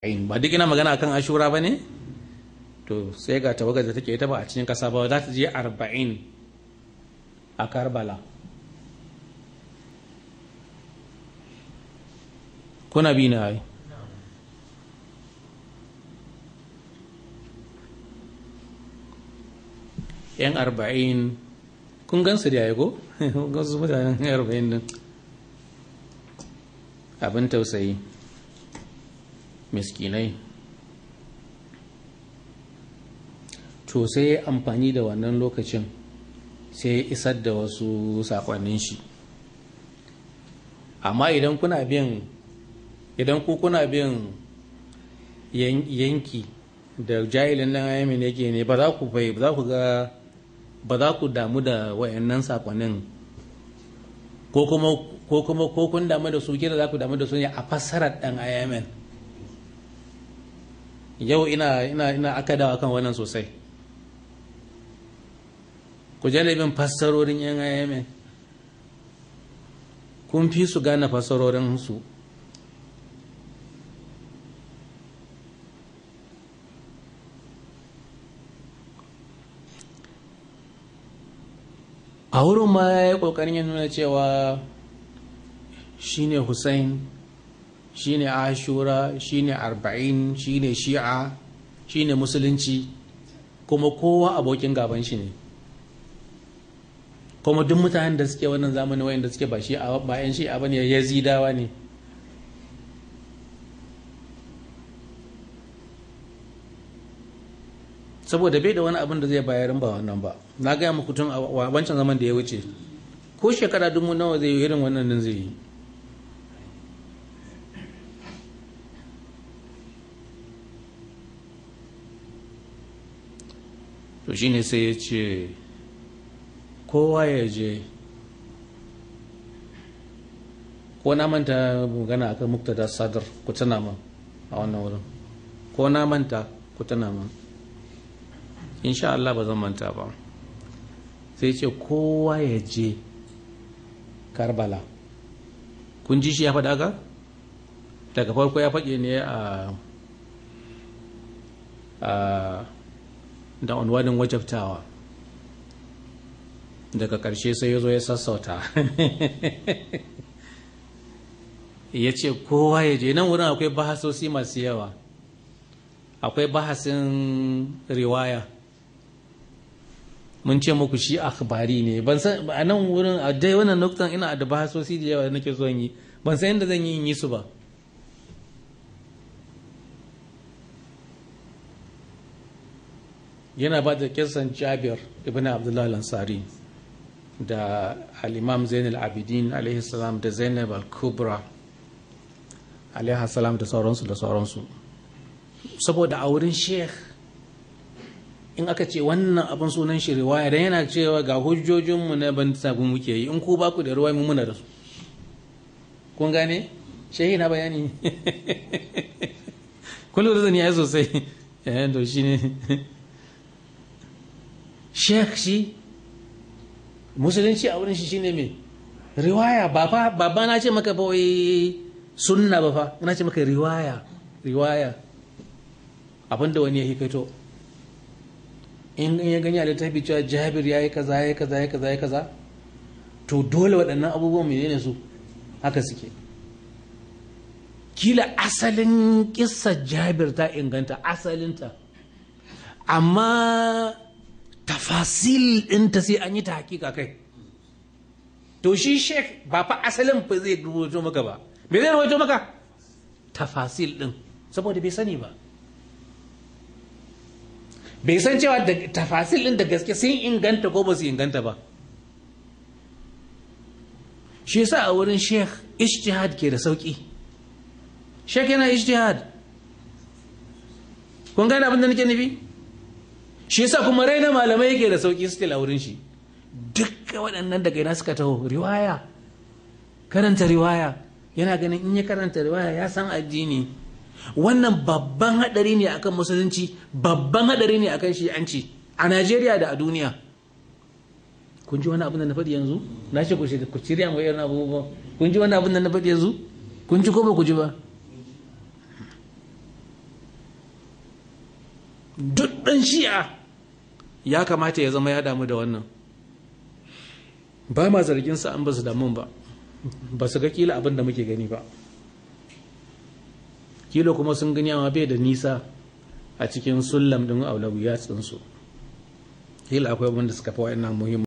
ba duk ina magana kan ashura ba ne to sai ga tawagar da take ita ba a cikin kasa ba za ta je arba'in a karbala kuna bi na yi yan arba'in kun gansu da yayi ko gansu mutanen arba'in din abin tausayi miskinai to sai ya amfani da wannan lokacin sai ya isar da wasu sakonnin shi amma idan kuna bin idan ku kuna bin yanki da jahilin nan ayyamin ne ba za ku ba za ku damu da wayannan sakonnin ko kuma ko kun damu da su kira za ku damu da su ne a fassarar ɗan ayamin yau ina aka dawa kan wannan sosai ku janibin fassarorin yan IMN kun fi su gane fassarorin su a wurin ma ya yi ƙoƙarin ya nuna cewa shine Hussein shine ashura shine arba'in shine shi'a shine musulunci kuma kowa abokin gaban shi ne kuma duk mutanen da suke wannan zamani da suke ba shi ba yan ya bane yazidawa ne saboda bai da wani abin da zai bayar ba wannan ba na gaya muku tun a wancan zaman da ya wuce ko shekara dubu nawa zai yi irin wannan nan zai yi to shi ne sai ya ce kowa ya je ko na manta magana akan muktada sadar ku tana ma a wannan wurin ko na manta ku tana ma insha Allah ba zan manta ba sai ce kowa ya je karbala kun ji shi ya faɗa ka daga farko ya faɗe ne a da unwanin wajabtawa daga karshe sai yazo ya sassauta ya ce kowa ya je nan wurin akwai bahasosi masu yawa akwai bahasin riwaya mun ce muku shi akhbari ne ban san a nan wurin a dai wannan nuktan ina da bahasosi da yawa da nake son yi ban san yadda zan yi in yi su ba yana ba da kisan jabir ibn abdullahi lansari da al'imam zainul abidin alaihi salam da zainab al-kubra alaihi salam da sauransu da sauransu saboda a wurin sheikh in aka ce wannan abin sunan shi riwaya dan yana cewa ga hujjojinmu na ban sabu muke yi in ku ba ku da ruwa mu muna da su kun gane shehi na bayani kun da zan yi sosai eh to shine sheikh shi musulunci a wurin shi shine me riwaya Baba babba na ce maka bawai sunna ba fa na ce maka riwaya riwaya abinda wani ya hikaito in ya gani a littafi cewa jabir ya yi kaza ya yi kaza ya kaza ya kaza to dole waɗannan abubuwan ne su haka suke kila asalin kissa jabir ta inganta asalinta amma tafasil ɗinta sai an yi ta hakika kai to shi sheik ba fa asalin fa zai rubuto maka ba me zai rubuto maka tafasil din saboda bai sani ba bai san cewa tafasil ɗin da gaske sun inganta ko ba su inganta ba shi yasa a wurin sheikh ijtihad ke da sauki Shek yana ijtihad kun gane abin da nake nufi shi yasa kuma raina malamai yake da sauki su a wurin shi duk waɗannan daga ina suka taho riwaya karanta riwaya yana ganin in ya karanta riwaya ya san addini wannan babban haɗari ne akan musulunci babban haɗari ne akan shi'anci a najeriya da a duniya kun ji wani abin da na faɗi yanzu na ce ku shirya mai irin abubuwa kun ji wani abin da na faɗi yanzu kun ji ko ba ku ji ba duk ɗan shi'a ya kamata ya zama ya damu da wannan ba ma zargin sa an ba damun ba ba su ga kila abin da muke gani ba kila kuma sun gani amma bai da nisa a cikin sullam din aulawiya tsinsu kila akwai abin suka fi wa'annan muhimmanci